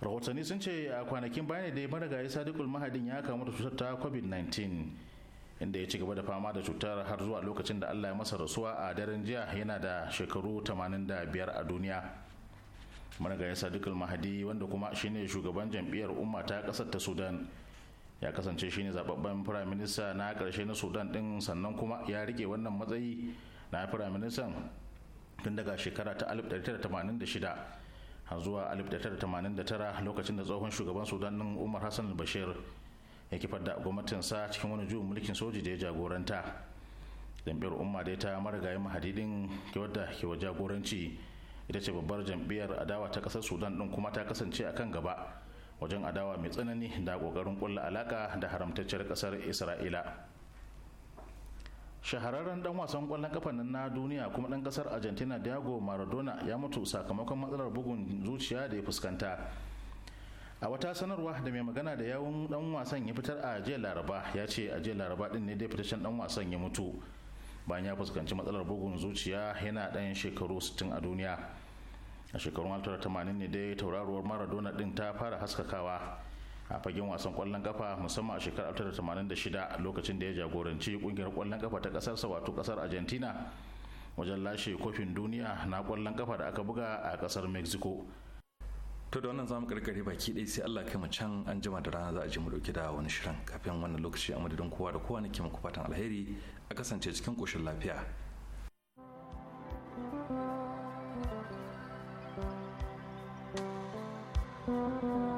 Speaker 3: rahotanni sun ce a kwanakin bayan da ya marigayi sadiqul mahadin ya kamu da cutar ta covid-19 inda ya ci gaba da fama da cutar har zuwa lokacin da allah ya masa rasuwa a daren jiya yana da shekaru 85 a duniya marigayi sadiqul mahadi wanda kuma shine shugaban jam'iyyar umma ta kasar ta sudan ya kasance shine zababben firaminista na karshe na sudan din sannan kuma ya rike wannan matsayi na firaministan tun daga shekara ta 1986 har zuwa 1989 lokacin da tsohon shugaban sudan din umar hassan bashir ya kifar da sa cikin wani juyin mulkin soji da ya jagoranta jam'iyyar umma dai ta marigayi mahadidin wadda ke wa jagoranci ita ce babbar jam'iyyar adawa ta kasar sudan din kuma ta kasance a kan gaba wajen adawa mai tsanani da kokarin kulla alaka da haramtacciyar kasar isra'ila shahararren dan wasan kwallon kafa na duniya kuma dan kasar argentina diego maradona ya mutu sakamakon matsalar bugun zuciya da ya fuskanta a wata sanarwa da mai magana da yawun dan wasan ya fitar a jiya laraba ya ce a jiya laraba din ne dai fitaccen dan wasan ya mutu bayan ya fuskanci matsalar bugun zuciya yana dan shekaru 60 a duniya a shekarun 1980 ne dai tauraruwar maradona din ta fara haskakawa a fagen wasan kwallon kafa musamman a shekarar 1986 lokacin da ya jagoranci kungiyar kwallon kafa ta kasarsa wato kasar argentina wajen lashe kofin duniya
Speaker 2: na kwallon kafa da aka buga a kasar mexico to da wannan zamu karkare baki ɗaya sai Allah kai mu can an jima da rana za a je mu dauki da wani shirin kafin wannan lokaci a madadin kowa da kowa nake muku fatan alheri a kasance cikin koshin lafiya
Speaker 14: thank you